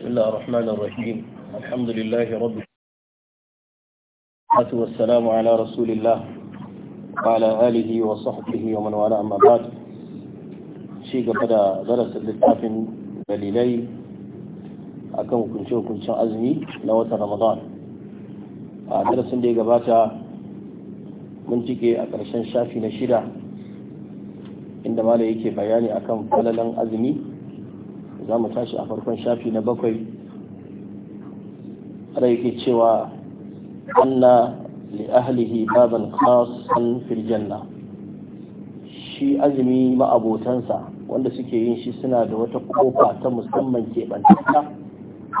بسم الله الرحمن الرحيم الحمد لله رب العالمين والسلام على رسول الله وعلى اله وصحبه ومن والاه اما بعد شيء قد درس الكتاب دليلي akan hukunce-hukuncen azumi na watan ramadan a darasin da ya gabata mun cike a ƙarshen shafi na shida inda mala yake bayani akan falalan azumi za mu tashi a farkon shafi na bakwai har yake cewa anna li ahlihi baban khasan fil janna shi azumi ma'abotansa wanda suke yin shi suna da wata kofa ta musamman keɓantaka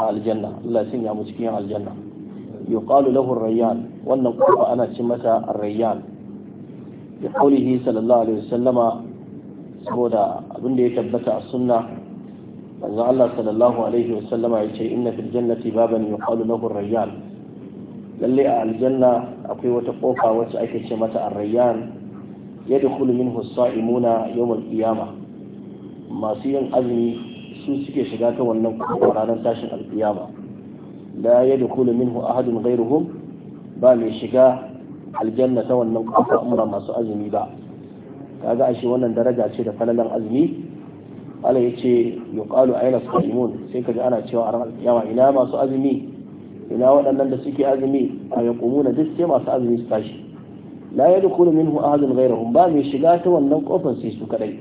a aljanna Allah sun ya mu cikin aljanna yuqalu lahu rayyan wannan kofa ana ci mata rayyan bi qawlihi sallallahu alaihi wasallama saboda abin da ya tabbata a sunna manzo Allah sallallahu alaihi sallama ya ce inna fil jannati baban yuqalu lahu ar-rayyan lalle a aljanna akwai wata kofa wacce ake ce mata ar-rayyan yadkhulu minhu as-sa'imuna yawm al-qiyamah masu yin azumi su suke shiga ta wannan kofa ranar tashin al-qiyamah la yadkhulu minhu ahadun ghayruhum ba mai shiga aljanna ta wannan kofa umra masu azumi ba kaga ashe wannan daraja ce da falalan azumi Allah ya ce yuqalu aina saimun sai kaji ana cewa a ranar kiyama ina masu azumi ina waɗannan da suke azumi a yaqumuna duk sai masu azumi su tashi la yadkhulu minhu ahadun ghayrahum ba mai shiga ta wannan kofar sai su kadai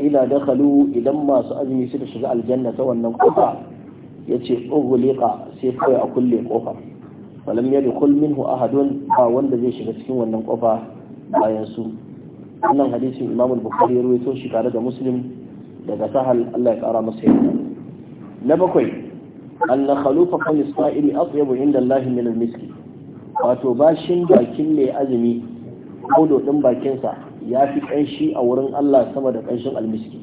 ila dakhalu idan masu azumi suka shiga aljanna ta wannan kofa yace ughliqa sai kai a kulle kofa falam yadkhul minhu ahadun ba wanda zai shiga cikin wannan kofa bayan su wannan hadisin imamul bukhari ya rawaito shi tare da muslim daga sahan Allah ya kara masa yarda na bakwai anna khalufa kan isra'ili atyabu inda Allah min al-miski wato bashin bakin mai azumi kodo din bakinsa ya fi kanshi a wurin Allah sama da kanshin almiski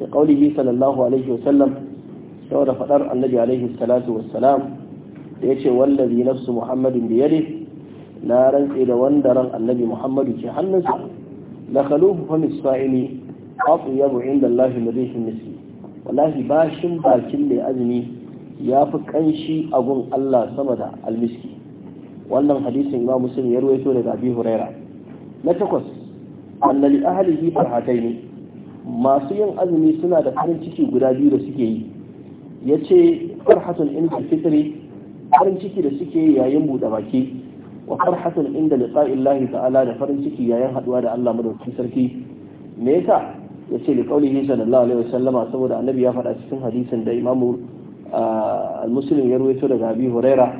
da qaulihi sallallahu alaihi wasallam saboda fadar annabi alaihi salatu wassalam da ya yace wallazi nafsu muhammadin bi yadihi na rantse da wanda ran annabi muhammadu ke hannunsa la khalufa kan isra'ili ya yabo inda Allah madihin miski wallahi bashin bakin mai azumi ya fi kanshi a gun Allah sama da almiski wannan hadisin imam muslim ya ruwaito da abi huraira na takwas anna li farhatai ne. masu yin azumi suna da farin ciki guda biyu da suke yi yace farhatun inda fitri farin ciki da suke yi yayin buɗe baki wa farhatun inda liqa'illahi ta'ala da farin ciki yayin haɗuwa da Allah madaukakin sarki me yasa yace li qaulihi sallallahu alaihi wasallama saboda annabi ya faɗa cikin hadisin da imamu al-muslim ya rawaito daga abi huraira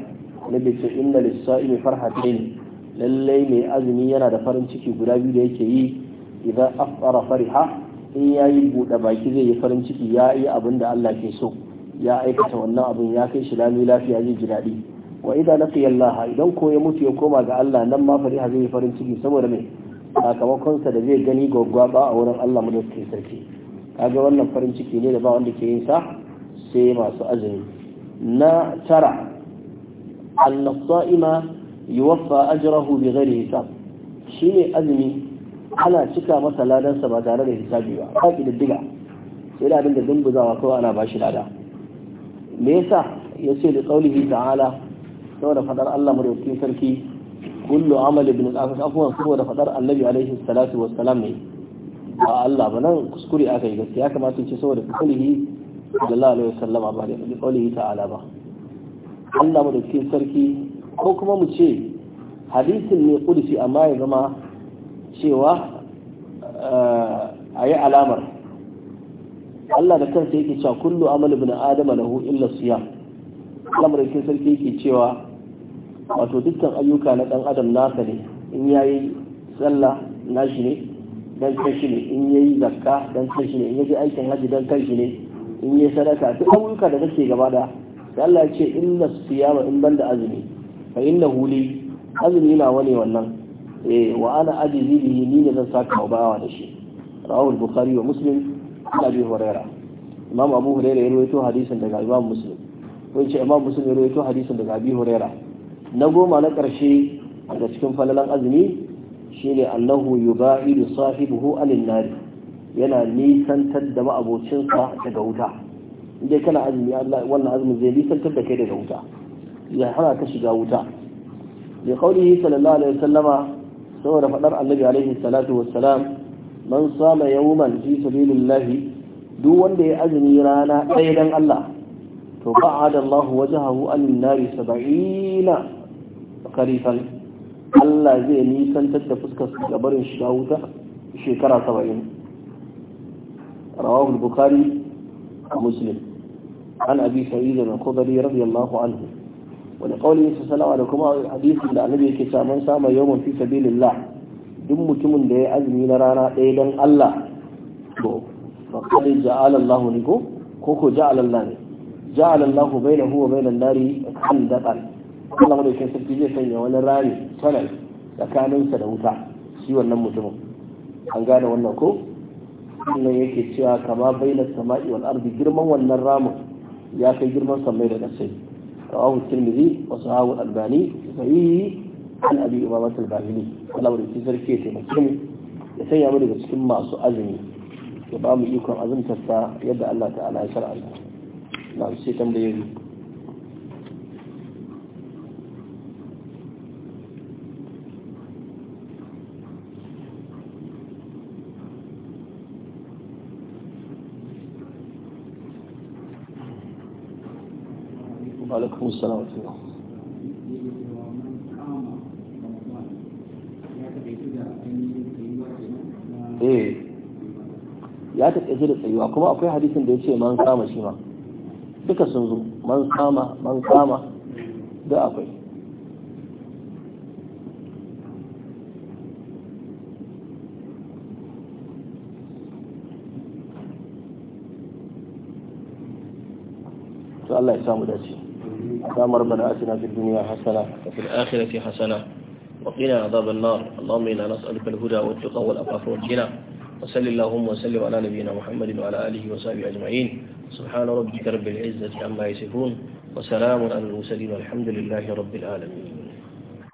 nabi ce inna lis-sa'imi farhatayn lallai mai azumi yana da farin ciki guda biyu da yake yi idan afara fariha in yayi buɗe baki zai yi farin ciki ya yi abin da Allah ke so ya aikata wannan abin ya kai shi lami lafiya zai ji daɗi wa idan laqiya Allah idan ko ya mutu ya koma ga Allah nan ma fariha zai yi farin ciki saboda mai sakamakonsa da zai gani gwaggwaba a wurin Allah madaukakin sarki kaga wannan farin ciki ne da ba wanda ke yin sa sai masu azumi na tara annasa'ima yuwaffa ajrahu bi ghairi hisab shine azumi ana cika masa ladansa ba tare da hisabi ba ba kididdiga sai da abin da dumbuzawa kawai ana bashi lada me yasa yace da qaulihi ta'ala saboda fadar Allah madaukakin sarki kullu amali bin al-asas afwan saboda fadar annabi alaihi salatu salam ne ba Allah ba nan kuskure aka yi gaskiya kamata ce saboda kulihi sallallahu alaihi wasallam ba da kulihi ta'ala ba Allah mu da cikin sarki ko kuma mu ce hadisin ne kudusi amma ya zama cewa a yi alamar Allah da kansa yake cewa kullu amali bin adama lahu illa siyam cikin sarki yake cewa wato dukkan ayyuka na dan adam nasa ne in ya tsalla sallah shi ne dan kanshi ne in ya yi zakka dan kanshi ne in ya ji aikin haji dan kanshi ne in yi sadaka duk ayyuka da kake gaba da sai Allah ya ce inna siyama in banda azumi fa inna huli azumi na wani wannan eh wa ana ajizi bihi ni ne zan saka bawa da shi rawul bukhari wa muslim abi hurairah imam abu hurairah ya rawaito hadisin daga imam muslim ko ce imam muslim ya rawaito hadisin daga abi hurairah na goma na ƙarshe daga cikin falalan azumi shine annahu yubaidu sahibuhu alin nari yana nisantar da ma'abocinsa daga wuta indai kana azumi wannan azumin zai nisantar da kai daga wuta ya hana ka shiga wuta bi qaulihi sallallahu alaihi wasallama saboda fadar annabi alaihi salatu wassalam man sama yawman fi sabilillahi duk wanda ya azumi rana ɗaya dan Allah to ba'ada Allah wajahahu anin nari 70 karifan Allah zai nisantar da fuskar su gabarin shiga wuta shekara saba'in rawahu bukari a muslim an abi sa'id bin khudri radiyallahu anhu wani kaulin su salawa da kuma hadisin da annabi yake cewa man sama yawan fi sabilillah duk mutumin da ya azumi na rana ɗaya don Allah to fa qad ja'ala Allah ni ko ko ja'ala Allah ne ja'ala Allah bainahu wa bainan nari khandaqan wanda madaukin sarki zai sanya wani rami tunnel tsakaninsa da wuta shi wannan mutumin an gane wannan ko wannan yake cewa kama baina sama'i wal ardi girman wannan ramin ya kai girman samai da ƙasai rawahu tirmidhi wa sahahu albani sahihi an abi umama al-bahili wanda sarki ya taimake mu ya sanya mu daga cikin masu azumi ya ba mu ikon azumtarsa yadda Allah ta'ala ya shar'anta na sai tambayoyi alaikum salam eh ya taƙaice da tsayuwa kuma akwai hadisin da ya ce man kama shi ma duka sun zo man kama man kama da akwai to Allah ya samu dace اللهم ربنا آتنا في الدنيا حسنة وفي الآخرة حسنة وقنا عذاب النار اللهم إنا نسألك الهدى والتقى والعفاف والغنى وصل اللهم وسلم على نبينا محمد وعلى آله وصحبه أجمعين سبحان ربك رب العزة عما يصفون وسلام على المرسلين والحمد لله رب العالمين